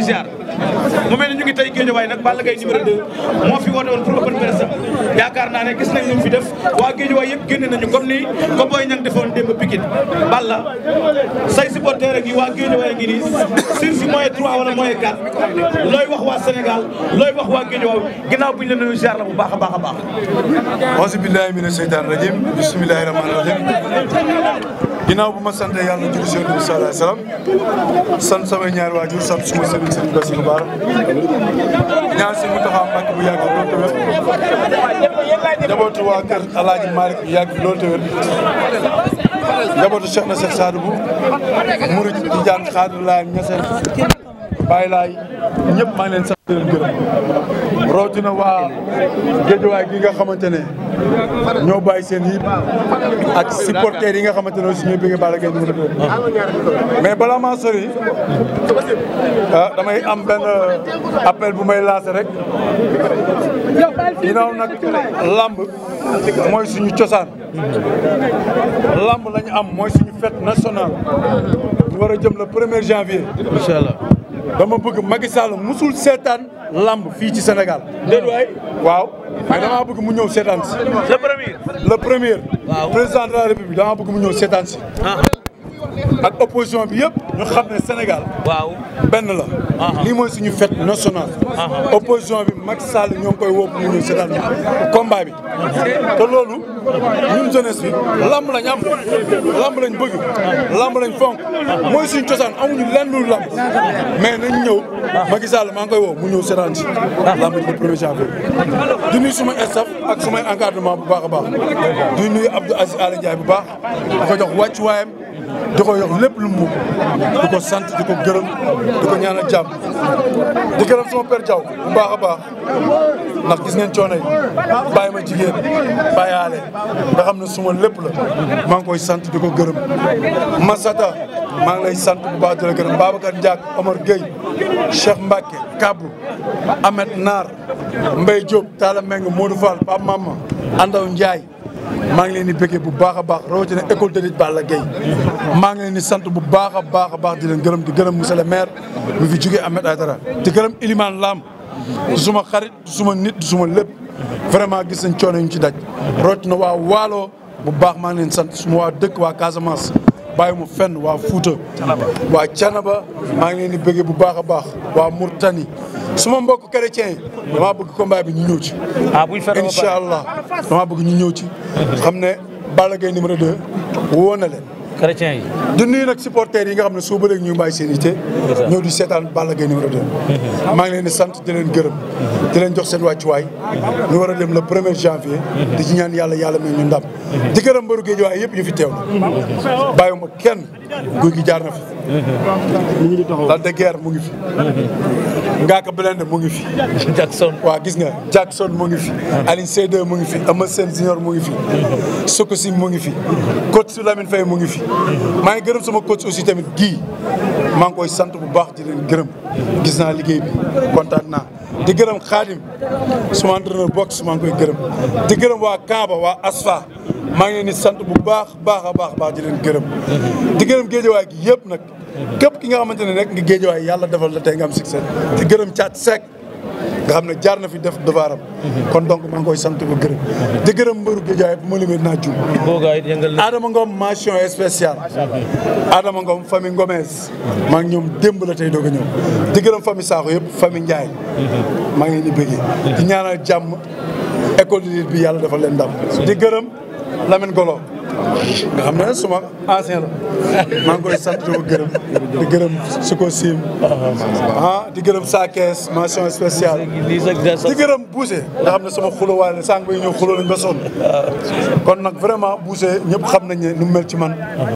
Zero. mu mel ni ñu ngi tey Guédiawaye nag Balla Gaye numéro 2 moo fi woote woon pour open press yaakaar naa ne gis nañ ñu fi def waa Guédiawaye yëpp génne nañu comme ni ko booy ñang defoon démb Pikine Balla say supporter ak yi waa Guédiawaye ngi nii sur si moyen 3 wala moyen 4 looy wax waa Sénégal looy wax waa Guédiawaye ginnaaw bu ñu la nuyu ziar la bu baax a baax a baax auzu billahi mina sheytaan rajim bismillahi rahmani rahim ginnaaw bu ma sant yàlla julli si yonent bi a alayhi wasallam sant samay ñaari waajur sant suma sëriñ ñaan si Mountakha Mbacké bu yàgg loolu tawér njabootu waa kër Alaaji Malick bu yàgg loolu tawér njabootu Cheikh na Cheikh Sadou bu murid Tijaan Xaadir Laay Ñaseen Baay Laay ñëpp maa ngi leen sant gërëm rawatina waa géejuwaay gi nga xamante ne ñoo bàyyi seen yëpp ak supporters yi nga xamante ne aussi ñooy bëgg mais balaa maa sori ah, damay am benn appel bu may lancé rek ginnaaw nag lamb mooy suñu cosaan lamb lañu am mooy suñu fête nationale ñu war a jëm le premier janvier incha allah dama bëgg Macky musul seetaan lamb fii ci Sénégal. déedéet waay waaw. mais damaa bëgg mu ñëw seetaan le premier. le premier. président de la république damaa bëgg mu ñëw seetaan ah. ak opposition bi yëpp ñu xam ne Sénégal. waaw benn la. Uh-huh. lii mooy suñu fête nationale. Uh-huh. opposition bi Macky Sall ñoo ngi koy wook mu ñëw si daal combat bi. Uh-huh. te loolu ñun jeunesse bi lamb lañ am lamb lañ bëgg lamb lañ fonk mooy suñu cosaan amuñu lenn lu lamb mais nañ ñëw Macky Sall maa ngi koy woo mu ñëw seetaan si lamb ji le premier janvier di nuyu suma staff ak sumay encadrement bu baax a baax di nuyu Aziz Alioune Ndiaye bu baax dafa jox wàccuwaayam di ko yokk lépp lu mu ko sant di ko gërëm di ko ñaanal jàmm di gërëm sama père Diaw gis ngeen coono yi ma jigéen bàyyaale nga xam suma lépp la maa ngi koy sant di ko gërëm Masata maa ngi lay sant bu baa di la gërëm Babacar Ndiak Omar Gueye Cheikh Mbacke Kabou Ahmed Naar Mbaye Diop Talla Meng Modou Fall Pape Mama Andaw Ndiaye maa ngi leen di bëggee bu baax a baax rawatina école de lutte Balla Gaye maa ngi leen di sant bu baax a baax a baax di leen gërëm di gërëm monsieur le maire mu fi jógee Ahmed Aïdara di gërëm Ilimane Lam du suma xarit du suma nit du suma lépp vraiment gis nañ coono yu ñu ci daj na waa Waalo bu baax maa ngi leen sant suma waa dëkk waa Casamance bàyyi mu fenn waa Fouta waa Canaba maa ngi leen di bëggee bu baax a baax waa Mourtani suma mbokk chrétien damaa bëgg combat bi ñu ñëw ci. ah bu ñu fexe incha allah damaa bëgg ñu ñëw ci. xam ne bala gee numéro 2 woo na leen. chrétien yi. di nuyu nag yi nga xam ne soo bëree ñu bàyyi seen yitte. ñëw di seetaan Balla Gaye numéro 2. Mhm. maa ngi leen sant di gërëm. di leen jox seen wàccuwaay. ñu war a dem le premier janvier. Mhm. di ci ñaan yàlla yàlla may ñu ndam. Mhm. di gërëm mbëru géej waaye yëpp ñu fi teew la. bàyyiwuma kenn. guy gi jaar na fi. Lac de Guiers mu ngi fi. Ngaaka Blindé mu ngi fi. Jackson waa gis nga Jackson mu ngi fi. Ah. Alioune Seye mu ngi fi Eumeu Sène Junior mu ngi fi. Sokossi mu ngi fi. coach Lamine Faye mu ngi fi. Mm-hmm. maa ngi gërëm sama coach si tamit gii maa ngi koy sant bu baax di leen gërëm gis naa liggéey bi kontaan naa di gërëm xaadim su entraîneur boxe maa ngi koy gërëm di gërëm waa Kamba waa Asfa maa ngi di sant bu baax baax a baax baax di leen gërëm di gërëm géejawaay gi yëpp nag képp ki nga xamante ne rek nga géejawaay yàlla defal la tey nga am succès di gërëm caat Seck nga xam ne jaar na fi def devoiram kon donc maa ngi koy sant ko gërëm di gërëm mbëru Guédiawaye bu ma naa juum Adama Ngom mention spéciale Adama Ngom famille Ngomès maa ngi ñoom démb la tey doog a ñëw di gërëm famille Sakho yëpp famille Ndiaye maa ngi leen di bëggee di ñaanal école de lutte bi yàlla dafa leen ndam di gërëm Golo nga xam ne suma ancien la maa ngi koy sant di gërëm di gërëm su ko siim ah di gërëm saa kees mention spéciale di gërëm Bousse nga xam ne sama xulóowaay la sànq bi ñëw xulóo nañ ba sonn kon nag vraiment Bousse ñëpp xam nañ ne nu mu mel ci man